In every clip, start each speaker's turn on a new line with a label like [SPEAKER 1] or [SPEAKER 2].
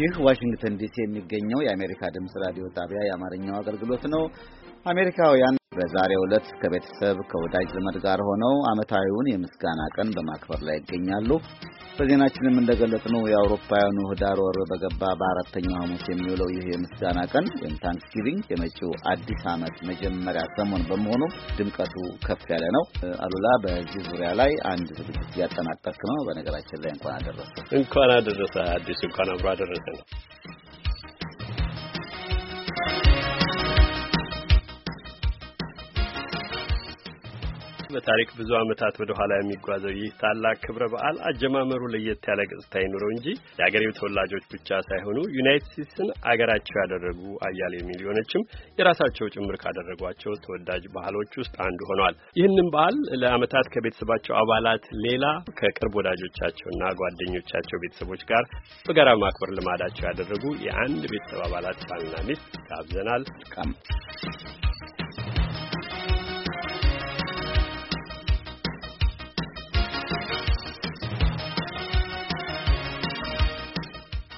[SPEAKER 1] ይህ ዋሽንግተን ዲሲ የሚገኘው የአሜሪካ ድምፅ ራዲዮ ጣቢያ የአማርኛው አገልግሎት ነው። አሜሪካውያን በዛሬ ዕለት ከቤተሰብ ከወዳጅ ዘመድ ጋር ሆነው ዓመታዊውን የምስጋና ቀን በማክበር ላይ ይገኛሉ። በዜናችንም ነው የአውሮፓውያኑ ህዳር ወር በገባ በአራተኛው ሐሙስ የሚውለው ይህ የምስጋና ቀን ወይም ታንክስጊቪንግ የመጪው አዲስ ዓመት መጀመሪያ ሰሞን በመሆኑ ድምቀቱ ከፍ ያለ ነው። አሉላ፣ በዚህ ዙሪያ ላይ አንድ ዝግጅት እያጠናቀርክ ነው። በነገራችን ላይ እንኳን አደረሰ
[SPEAKER 2] እንኳን አደረሰ አዲሱ እንኳን አብሮ አደረሰ ነው። በታሪክ ብዙ ዓመታት ወደ ኋላ የሚጓዘው ይህ ታላቅ ክብረ በዓል አጀማመሩ ለየት ያለ ገጽታ ይኑረው እንጂ የአገሬው ተወላጆች ብቻ ሳይሆኑ ዩናይትድ ስቴትስን አገራቸው ያደረጉ አያሌ ሚሊዮኖችም የራሳቸው ጭምር ካደረጓቸው ተወዳጅ ባህሎች ውስጥ አንዱ ሆኗል። ይህንም በዓል ለዓመታት ከቤተሰባቸው አባላት ሌላ ከቅርብ ወዳጆቻቸውና ጓደኞቻቸው ቤተሰቦች ጋር በጋራ ማክበር ልማዳቸው ያደረጉ የአንድ ቤተሰብ አባላት ባልና ሚስት ጋብዘናል።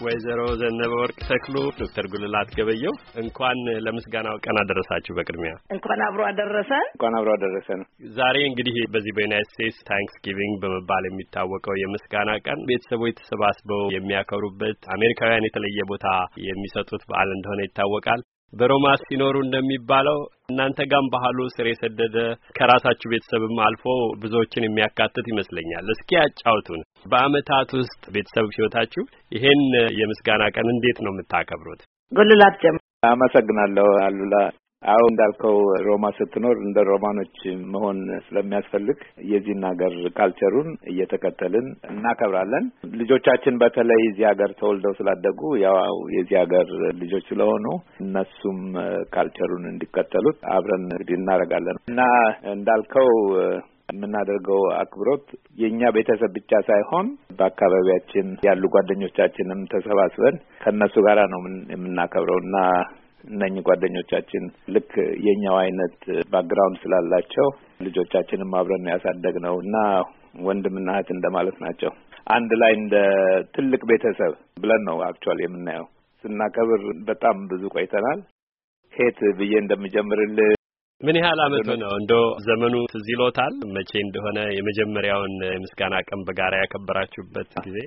[SPEAKER 2] ወይዘሮ ዘነበ ወርቅ ተክሉ፣ ዶክተር ጉልላት ገበየው እንኳን ለምስጋናው ቀን አደረሳችሁ። በቅድሚያ
[SPEAKER 3] እንኳን አብሮ አደረሰ
[SPEAKER 1] እንኳን አብሮ አደረሰን።
[SPEAKER 2] ዛሬ እንግዲህ በዚህ በዩናይት ስቴትስ ታንክስ ጊቪንግ በመባል የሚታወቀው የምስጋና ቀን ቤተሰቦች ተሰባስበው የሚያከብሩበት፣ አሜሪካውያን የተለየ ቦታ የሚሰጡት በዓል እንደሆነ ይታወቃል። በሮማ ሲኖሩ እንደሚባለው እናንተ ጋም ባህሉ ስር የሰደደ ከራሳችሁ ቤተሰብም አልፎ ብዙዎችን የሚያካትት ይመስለኛል። እስኪ ያጫውቱን። በአመታት ውስጥ ቤተሰብ ህይወታችሁ ይሄን የምስጋና ቀን እንዴት ነው የምታከብሩት?
[SPEAKER 3] ጎልላት ጀምሮ።
[SPEAKER 1] አመሰግናለሁ አሉላ። አዎ እንዳልከው ሮማ ስትኖር እንደ ሮማኖች መሆን ስለሚያስፈልግ የዚህን ሀገር ካልቸሩን እየተከተልን እናከብራለን። ልጆቻችን በተለይ እዚህ ሀገር ተወልደው ስላደጉ ያው የዚህ ሀገር ልጆች ስለሆኑ እነሱም ካልቸሩን እንዲከተሉት አብረን እንግዲህ እናደርጋለን እና እንዳልከው የምናደርገው አክብሮት የእኛ ቤተሰብ ብቻ ሳይሆን በአካባቢያችን ያሉ ጓደኞቻችንም ተሰባስበን ከእነሱ ጋራ ነው የምናከብረው እና እነኚህ ጓደኞቻችን ልክ የኛው አይነት ባክግራውንድ ስላላቸው ልጆቻችንም አብረን ያሳደግ ነው እና ወንድምና እህት እንደማለት ናቸው። አንድ ላይ እንደ ትልቅ ቤተሰብ ብለን ነው አክቹዋል የምናየው። ስናከብር በጣም ብዙ ቆይተናል። ሄት ብዬ እንደምጀምርልህ
[SPEAKER 2] ምን ያህል አመቱ ነው? እንዶ ዘመኑ ትዝ ይሎታል? መቼ እንደሆነ የመጀመሪያውን የምስጋና ቀን በጋራ ያከበራችሁበት ጊዜ?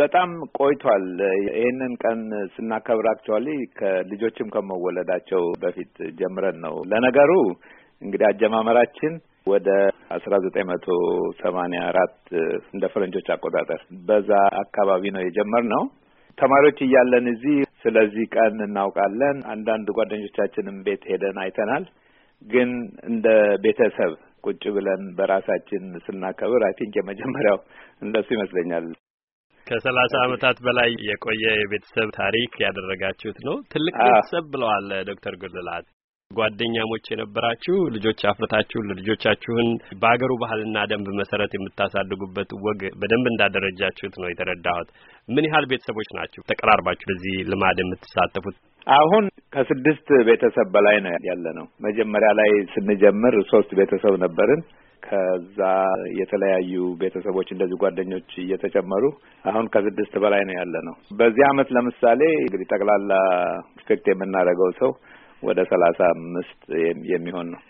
[SPEAKER 1] በጣም ቆይቷል። ይህንን ቀን ስናከብር ከልጆችም ከመወለዳቸው በፊት ጀምረን ነው። ለነገሩ እንግዲህ አጀማመራችን ወደ አስራ ዘጠኝ መቶ ሰማኒያ አራት እንደ ፈረንጆች አቆጣጠር በዛ አካባቢ ነው የጀመርነው። ተማሪዎች እያለን እዚህ ስለዚህ ቀን እናውቃለን። አንዳንድ ጓደኞቻችንም ቤት ሄደን አይተናል። ግን እንደ ቤተሰብ ቁጭ ብለን በራሳችን ስናከብር አይ ቲንክ የመጀመሪያው እንደሱ ይመስለኛል።
[SPEAKER 2] ከሰላሳ ዓመታት በላይ የቆየ የቤተሰብ ታሪክ ያደረጋችሁት ነው። ትልቅ ቤተሰብ ብለዋል ዶክተር ጉልላት። ጓደኛሞች የነበራችሁ ልጆች አፍርታችሁ ልጆቻችሁን በአገሩ ባህልና ደንብ መሰረት የምታሳድጉበት ወግ በደንብ እንዳደረጃችሁት ነው የተረዳሁት። ምን ያህል ቤተሰቦች ናችሁ ተቀራርባችሁ በዚህ ልማድ የምትሳተፉት?
[SPEAKER 1] አሁን ከስድስት ቤተሰብ በላይ ነው ያለ ነው። መጀመሪያ ላይ ስንጀምር ሶስት ቤተሰብ ነበርን። ከዛ የተለያዩ ቤተሰቦች እንደዚህ ጓደኞች እየተጨመሩ አሁን ከስድስት በላይ ነው ያለ ነው። በዚህ አመት ለምሳሌ እንግዲህ ጠቅላላ ኢፌክት የምናደርገው ሰው ወደ ሰላሳ አምስት የሚሆን ነው።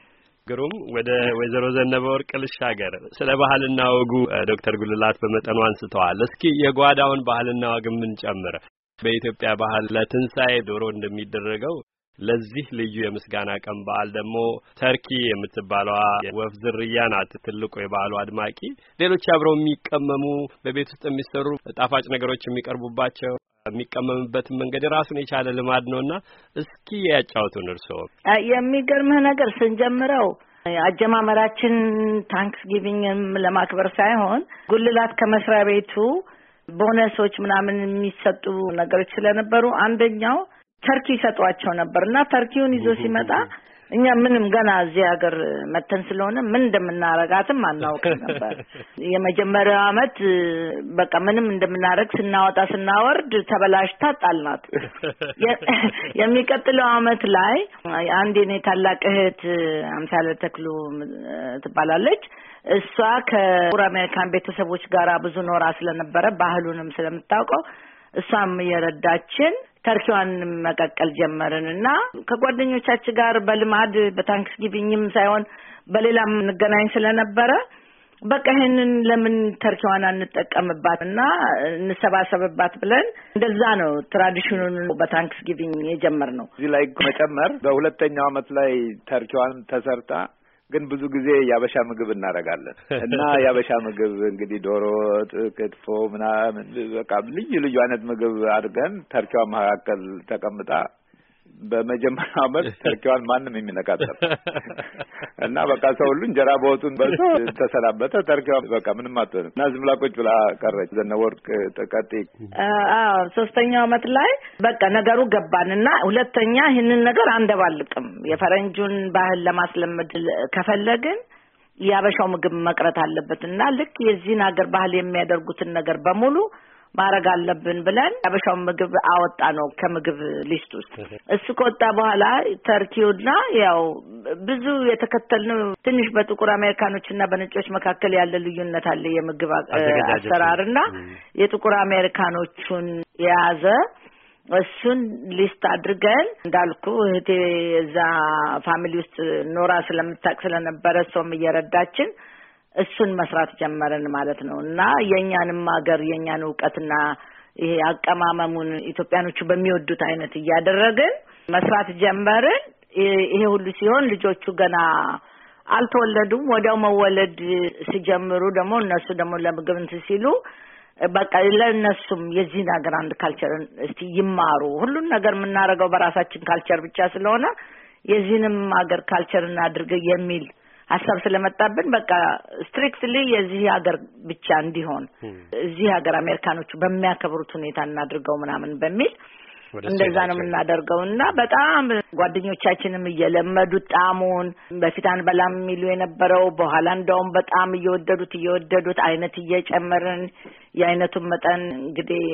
[SPEAKER 2] ግሩም ወደ ወይዘሮ ዘነበ ወርቅ ልሻገር። ስለ ባህልና ወጉ ዶክተር ጉልላት በመጠኑ አንስተዋል። እስኪ የጓዳውን ባህልና ወግ ምን ጨምር በኢትዮጵያ ባህል ለትንሣኤ ዶሮ እንደሚደረገው ለዚህ ልዩ የምስጋና ቀን በዓል ደግሞ ተርኪ የምትባለዋ ወፍ ዝርያ ናት ትልቁ የበዓሉ አድማቂ። ሌሎች አብረው የሚቀመሙ በቤት ውስጥ የሚሰሩ ጣፋጭ ነገሮች የሚቀርቡባቸው የሚቀመምበት መንገድ ራሱን የቻለ ልማድ ነውና እስኪ ያጫውቱን። እርስዎ
[SPEAKER 3] የሚገርምህ ነገር ስንጀምረው አጀማመራችን ታንክስ ጊቪንግም ለማክበር ሳይሆን ጉልላት ከመስሪያ ቤቱ ቦነሶች ምናምን የሚሰጡ ነገሮች ስለነበሩ አንደኛው ተርኪ ይሰጧቸው ነበር እና ተርኪውን ይዞ ሲመጣ እኛ ምንም ገና እዚህ ሀገር መተን ስለሆነ ምን እንደምናረጋትም አናውቅ ነበር። የመጀመሪያው አመት በቃ ምንም እንደምናረግ ስናወጣ ስናወርድ ተበላሽታ ጣልናት። የሚቀጥለው አመት ላይ አንድ የኔ ታላቅ እህት አምሳለ ተክሉ ትባላለች። እሷ ከቁር አሜሪካን ቤተሰቦች ጋር ብዙ ኖራ ስለነበረ ባህሉንም ስለምታውቀው እሷም የረዳችን ተርኪዋን መቀቀል ጀመርን እና ከጓደኞቻችን ጋር በልማድ በታንክስ ጊቪኝም ሳይሆን በሌላም እንገናኝ ስለነበረ በቃ ይህንን ለምን ተርኪዋን አንጠቀምባት እና እንሰባሰብባት ብለን እንደዛ ነው ትራዲሽኑን በታንክስ ጊቪንግ ነው። እዚህ
[SPEAKER 1] ላይ መጨመር በሁለተኛው ዓመት ላይ ተርኪዋን ተሰርታ ግን ብዙ ጊዜ ያበሻ ምግብ እናደርጋለን እና ያበሻ ምግብ እንግዲህ ዶሮ ወጥ፣ ክትፎ ምናምን በቃ ልዩ ልዩ አይነት ምግብ አድርገን ተርኪዋ መካከል ተቀምጣ በመጀመሪያ ዓመት ተርኪዋን ማንም የሚነቃጠል እና በቃ ሰው ሁሉ እንጀራ በወጡን በልቶ ተሰናበተ። ተርኪዋ በቃ ምንም አትሆንም እና ዝም ብላ ቁጭ ብላ ቀረች። ዘነወርቅ ጥቀጤ
[SPEAKER 3] አዎ፣ ሶስተኛው ዓመት ላይ በቃ ነገሩ ገባን እና ሁለተኛ ይህንን ነገር አንደባልቅም። የፈረንጁን ባህል ለማስለመድ ከፈለግን የአበሻው ምግብ መቅረት አለበት እና ልክ የዚህን ሀገር ባህል የሚያደርጉትን ነገር በሙሉ ማድረግ አለብን ብለን ያበሻውን ምግብ አወጣ ነው ከምግብ ሊስት ውስጥ እሱ ከወጣ በኋላ ተርኪውና ያው ብዙ የተከተልነው ትንሽ በጥቁር አሜሪካኖች እና በነጮች መካከል ያለ ልዩነት አለ የምግብ አሰራር እና የጥቁር አሜሪካኖቹን የያዘ እሱን ሊስት አድርገን እንዳልኩ እህቴ እዛ ፋሚሊ ውስጥ ኖራ ስለምታቅ ስለነበረ እሷም እየረዳችን እሱን መስራት ጀመርን ማለት ነው እና የእኛንም ሀገር የእኛን እውቀትና ይሄ አቀማመሙን ኢትዮጵያኖቹ በሚወዱት አይነት እያደረግን መስራት ጀመርን። ይሄ ሁሉ ሲሆን ልጆቹ ገና አልተወለዱም። ወዲያው መወለድ ሲጀምሩ ደግሞ እነሱ ደግሞ ለምግብ እንትን ሲሉ በቃ ለእነሱም የዚህን ሀገር አንድ ካልቸር እስቲ ይማሩ። ሁሉን ነገር የምናደርገው በራሳችን ካልቸር ብቻ ስለሆነ የዚህንም ሀገር ካልቸር እናድርግ የሚል ሀሳብ ስለመጣብን በቃ ስትሪክትሊ የዚህ ሀገር ብቻ እንዲሆን እዚህ ሀገር አሜሪካኖቹ በሚያከብሩት ሁኔታ እናድርገው ምናምን በሚል እንደዛ ነው የምናደርገው እና በጣም ጓደኞቻችንም እየለመዱት ጣዕሙን በፊት አንበላም የሚሉ የነበረው በኋላ እንደውም በጣም እየወደዱት እየወደዱት አይነት እየጨመርን የአይነቱን መጠን እንግዲህ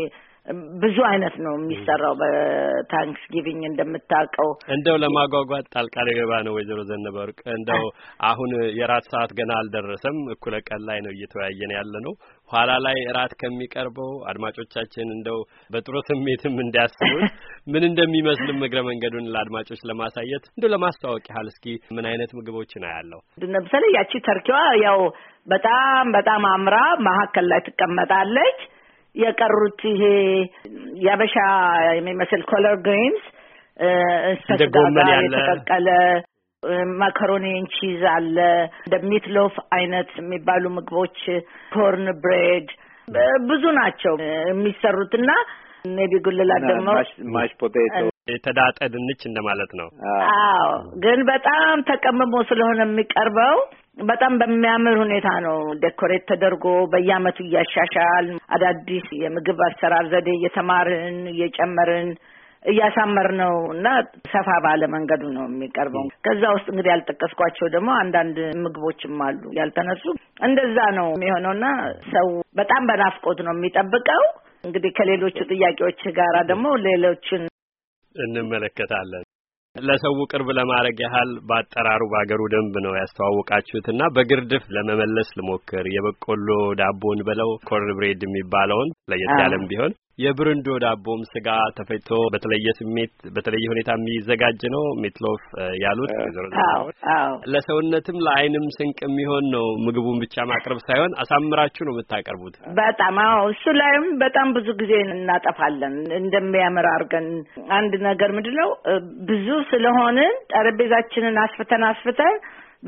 [SPEAKER 3] ብዙ አይነት ነው የሚሰራው። በታንክስ ጊቪንግ እንደምታውቀው
[SPEAKER 2] እንደው ለማጓጓት ጣልቃ ገባ ነው ወይዘሮ ዘነበ ወርቅ። እንደው አሁን የራት ሰዓት ገና አልደረሰም፣ እኩለ ቀን ላይ ነው እየተወያየን ያለ ነው። ኋላ ላይ እራት ከሚቀርበው አድማጮቻችን እንደው በጥሩ ስሜትም እንዲያስቡት ምን እንደሚመስልም እግረ መንገዱን ለአድማጮች ለማሳየት እንደው ለማስተዋወቅ ያህል እስኪ ምን አይነት ምግቦች ነው ያለው?
[SPEAKER 3] ለምሳሌ ያቺ ተርኪዋ ያው በጣም በጣም አምራ መሀከል ላይ ትቀመጣለች። የቀሩት ይሄ የበሻ የሚመስል ኮለር ግሪንስ እንደጎመን ያለ የተቀቀለ ማካሮኒ ቺዝ አለ። እንደ ሚትሎፍ አይነት የሚባሉ ምግቦች ኮርን ብሬድ ብዙ ናቸው የሚሰሩት እና ሜቢ ጉልላት ደግሞ
[SPEAKER 2] ማሽ ፖቴቶ የተዳጠ ድንች እንደማለት ነው።
[SPEAKER 3] አዎ፣ ግን በጣም ተቀምሞ ስለሆነ የሚቀርበው በጣም በሚያምር ሁኔታ ነው ዴኮሬት ተደርጎ በየአመቱ እያሻሻል አዳዲስ የምግብ አሰራር ዘዴ እየተማርን እየጨመርን እያሳመር ነው እና ሰፋ ባለ መንገዱ ነው የሚቀርበው። ከዛ ውስጥ እንግዲህ ያልጠቀስኳቸው ደግሞ አንዳንድ ምግቦችም አሉ ያልተነሱ። እንደዛ ነው የሚሆነውና ሰው በጣም በናፍቆት ነው የሚጠብቀው። እንግዲህ ከሌሎቹ ጥያቄዎች ጋራ ደግሞ ሌሎችን
[SPEAKER 2] እንመለከታለን። ለሰው ቅርብ ለማድረግ ያህል በአጠራሩ በአገሩ ደንብ ነው ያስተዋወቃችሁትና በግርድፍ ለመመለስ ልሞክር። የበቆሎ ዳቦን በለው ኮርን ብሬድ የሚባለውን ለየት ያለም ቢሆን የብርንዶ ዳቦም ስጋ ተፈጭቶ በተለየ ስሜት በተለየ ሁኔታ የሚዘጋጅ ነው። ሜትሎፍ ያሉት ለሰውነትም ለአይንም ስንቅ የሚሆን ነው። ምግቡን ብቻ ማቅረብ ሳይሆን አሳምራችሁ ነው የምታቀርቡት።
[SPEAKER 3] በጣም አዎ፣ እሱ ላይም በጣም ብዙ ጊዜ እናጠፋለን። እንደሚያምር አድርገን አንድ ነገር ምንድን ነው ብዙ ስለሆንን ጠረጴዛችንን አስፍተን አስፍተን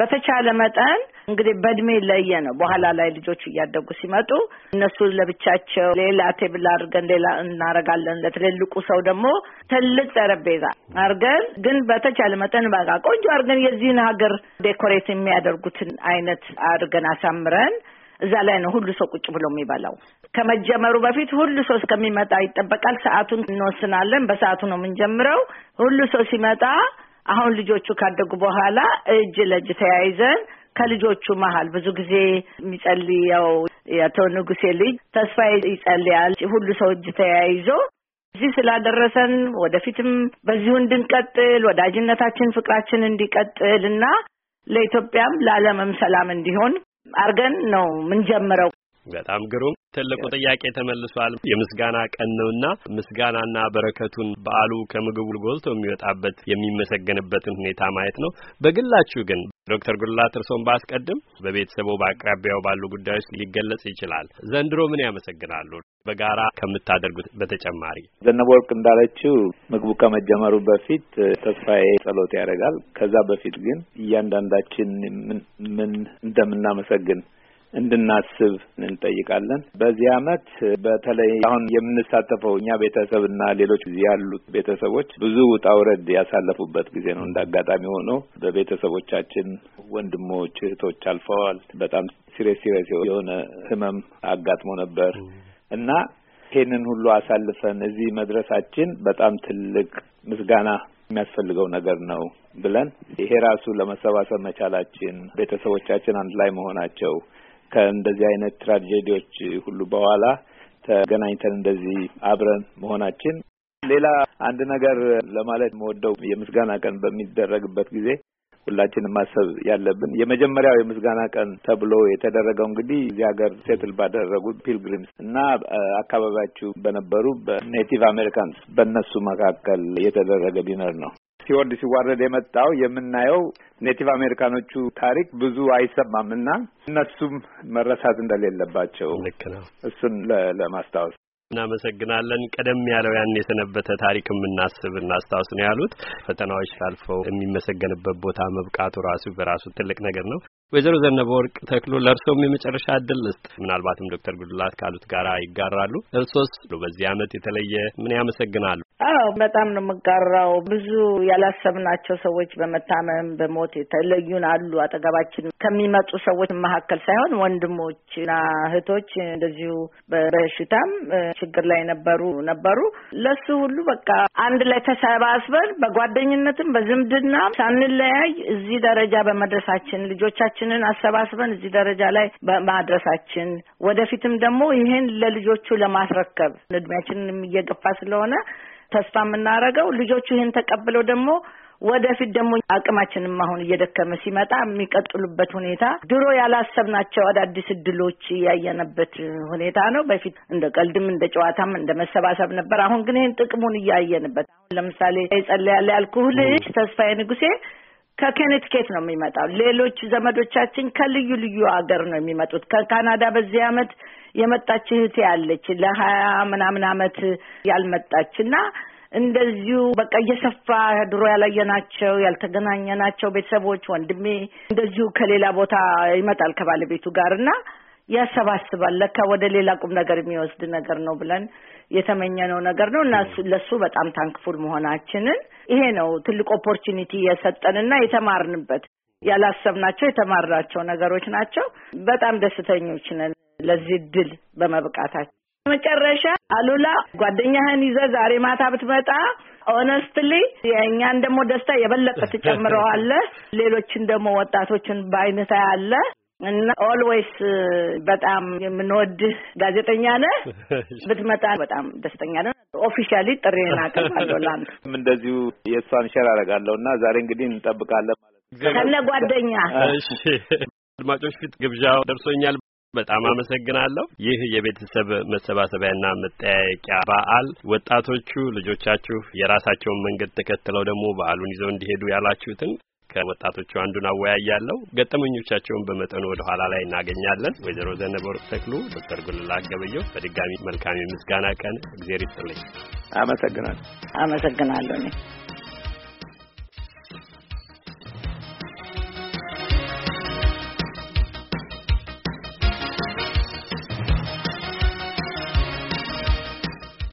[SPEAKER 3] በተቻለ መጠን እንግዲህ በእድሜ ለየ ነው። በኋላ ላይ ልጆቹ እያደጉ ሲመጡ እነሱ ለብቻቸው ሌላ ቴብል አድርገን ሌላ እናረጋለን። ለትልልቁ ሰው ደግሞ ትልቅ ጠረጴዛ አድርገን ግን በተቻለ መጠን በቃ ቆንጆ አድርገን የዚህን ሀገር ዴኮሬት የሚያደርጉትን አይነት አድርገን አሳምረን እዛ ላይ ነው ሁሉ ሰው ቁጭ ብሎ የሚበላው። ከመጀመሩ በፊት ሁሉ ሰው እስከሚመጣ ይጠበቃል። ሰዓቱን እንወስናለን። በሰዓቱ ነው የምንጀምረው። ሁሉ ሰው ሲመጣ አሁን ልጆቹ ካደጉ በኋላ እጅ ለእጅ ተያይዘን ከልጆቹ መሀል ብዙ ጊዜ የሚጸልየው የአቶ ንጉሴ ልጅ ተስፋዬ ይጸልያል። ሁሉ ሰው እጅ ተያይዞ እዚህ ስላደረሰን ወደፊትም በዚሁ እንድንቀጥል ወዳጅነታችን፣ ፍቅራችን እንዲቀጥል እና ለኢትዮጵያም ለዓለምም ሰላም እንዲሆን አድርገን ነው ምንጀምረው
[SPEAKER 2] በጣም ግሩም። ትልቁ ጥያቄ ተመልሷል። የምስጋና ቀን ነውና ምስጋናና በረከቱን በዓሉ ከምግቡ ጎልቶ የሚወጣበት የሚመሰገንበትን ሁኔታ ማየት ነው። በግላችሁ ግን ዶክተር ጉልላት እርሶን ባስቀድም በቤተሰቡ በአቅራቢያው ባሉ ጉዳዮች ሊገለጽ ይችላል። ዘንድሮ ምን ያመሰግናሉ? በጋራ ከምታደርጉት በተጨማሪ
[SPEAKER 1] ዘነበ ወርቅ እንዳለችው ምግቡ ከመጀመሩ በፊት ተስፋዬ ጸሎት ያደርጋል። ከዛ በፊት ግን እያንዳንዳችን ምን እንደምናመሰግን እንድናስብ እንጠይቃለን። በዚህ አመት በተለይ አሁን የምንሳተፈው እኛ ቤተሰብ ና ሌሎች ያሉት ቤተሰቦች ብዙ ውጣ ውረድ ያሳለፉበት ጊዜ ነው። እንደ አጋጣሚ ሆኖ በቤተሰቦቻችን ወንድሞች፣ እህቶች አልፈዋል። በጣም ሲሬስ ሲሬስ የሆነ ህመም አጋጥሞ ነበር እና ይሄንን ሁሉ አሳልፈን እዚህ መድረሳችን በጣም ትልቅ ምስጋና የሚያስፈልገው ነገር ነው ብለን ይሄ ራሱ ለመሰባሰብ መቻላችን ቤተሰቦቻችን አንድ ላይ መሆናቸው ከእንደዚህ አይነት ትራጀዲዎች ሁሉ በኋላ ተገናኝተን እንደዚህ አብረን መሆናችን ሌላ አንድ ነገር ለማለት መወደው የምስጋና ቀን በሚደረግበት ጊዜ ሁላችንም ማሰብ ያለብን የመጀመሪያው የምስጋና ቀን ተብሎ የተደረገው እንግዲህ እዚህ ሀገር ሴትል ባደረጉ ፒልግሪምስ እና አካባቢያችሁ በነበሩ በኔቲቭ አሜሪካንስ በእነሱ መካከል የተደረገ ዲነር ነው። ሲወርድ ሲዋረድ የመጣው የምናየው ኔቲቭ አሜሪካኖቹ ታሪክ ብዙ አይሰማም እና እነሱም መረሳት እንደሌለባቸው ልክ ነው። እሱን ለማስታወስ
[SPEAKER 2] እናመሰግናለን። ቀደም ያለው ያን የሰነበተ ታሪክ የምናስብ እናስታውስ ነው ያሉት። ፈተናዎች አልፈው የሚመሰገንበት ቦታ መብቃቱ ራሱ በራሱ ትልቅ ነገር ነው። ወይዘሮ ዘነበ ወርቅ ተክሎ ለእርሶም የመጨረሻ እድል ልስጥ። ምናልባትም ዶክተር ጉዱላት ካሉት ጋር ይጋራሉ። እርሶስ በዚህ አመት የተለየ ምን ያመሰግናሉ?
[SPEAKER 3] አዎ በጣም ነው የምጋራው። ብዙ ያላሰብናቸው ሰዎች በመታመም በሞት የተለዩን አሉ። አጠገባችን ከሚመጡ ሰዎች መካከል ሳይሆን ወንድሞችና እህቶች እንደዚሁ በበሽታም ችግር ላይ ነበሩ ነበሩ። ለሱ ሁሉ በቃ አንድ ላይ ተሰባስበን በጓደኝነትም በዝምድና ሳንለያይ እዚህ ደረጃ በመድረሳችን ልጆቻችንን አሰባስበን እዚህ ደረጃ ላይ በማድረሳችን ወደፊትም ደግሞ ይህን ለልጆቹ ለማስረከብ እድሜያችንን እየገፋ ስለሆነ ተስፋ የምናደርገው ልጆቹ ይህን ተቀብለው ደግሞ ወደፊት ደግሞ አቅማችንም አሁን እየደከመ ሲመጣ የሚቀጥሉበት ሁኔታ ድሮ ያላሰብናቸው አዳዲስ እድሎች እያየነበት ሁኔታ ነው። በፊት እንደ ቀልድም እንደ ጨዋታም እንደ መሰባሰብ ነበር። አሁን ግን ይህን ጥቅሙን እያየንበት አሁን ለምሳሌ ይጸለያለ ያልኩህ ልጅ ተስፋዬ ንጉሴ ከኬኔትኬት ነው የሚመጣው። ሌሎች ዘመዶቻችን ከልዩ ልዩ ሀገር ነው የሚመጡት። ከካናዳ በዚህ አመት የመጣች እህቴ ያለች ለሀያ ምናምን አመት ያልመጣች እና እንደዚሁ በቃ እየሰፋ ድሮ ያላየናቸው ያልተገናኘናቸው ቤተሰቦች ወንድሜ እንደዚሁ ከሌላ ቦታ ይመጣል ከባለቤቱ ጋር እና ያሰባስባል። ለካ ወደ ሌላ ቁም ነገር የሚወስድ ነገር ነው ብለን የተመኘነው ነገር ነው እና ለሱ በጣም ታንክፉል መሆናችንን ይሄ ነው ትልቅ ኦፖርቹኒቲ የሰጠንና የተማርንበት። ያላሰብናቸው የተማርናቸው ነገሮች ናቸው። በጣም ደስተኞች ነን ለዚህ ድል በመብቃታቸው። መጨረሻ አሉላ ጓደኛህን ይዘህ ዛሬ ማታ ብትመጣ ኦነስትሊ የእኛን ደግሞ ደስታ የበለጠ ትጨምረዋለህ። ሌሎችን ደግሞ ወጣቶችን በአይነታ ያለ እና ኦልዌይስ በጣም የምንወድህ ጋዜጠኛ ነህ። ብትመጣ በጣም ደስተኛ ነን። ኦፊሻሊ ጥሬን አቀርባለሁ። ለአንተ
[SPEAKER 1] እንደዚሁ የእሷን ሸር አደርጋለሁ እና ዛሬ እንግዲህ እንጠብቃለን። ከነ ጓደኛ እሺ። አድማጮች
[SPEAKER 2] ፊት ግብዣው ደርሶኛል። በጣም አመሰግናለሁ። ይህ የቤተሰብ መሰባሰቢያና መጠያየቂያ በዓል ወጣቶቹ ልጆቻችሁ የራሳቸውን መንገድ ተከትለው ደግሞ በዓሉን ይዘው እንዲሄዱ ያላችሁትን ከወጣቶቹ አንዱን አወያያለሁ። ገጠመኞቻቸውን በመጠኑ ወደ ኋላ ላይ እናገኛለን። ወይዘሮ ዘነበወርቅ ተክሉ፣ ዶክተር ጉልላት ገበየሁ በድጋሚ መልካም የምስጋና ቀን እግዜር ይስጥልኝ።
[SPEAKER 3] አመሰግናለሁ። አመሰግናለሁ።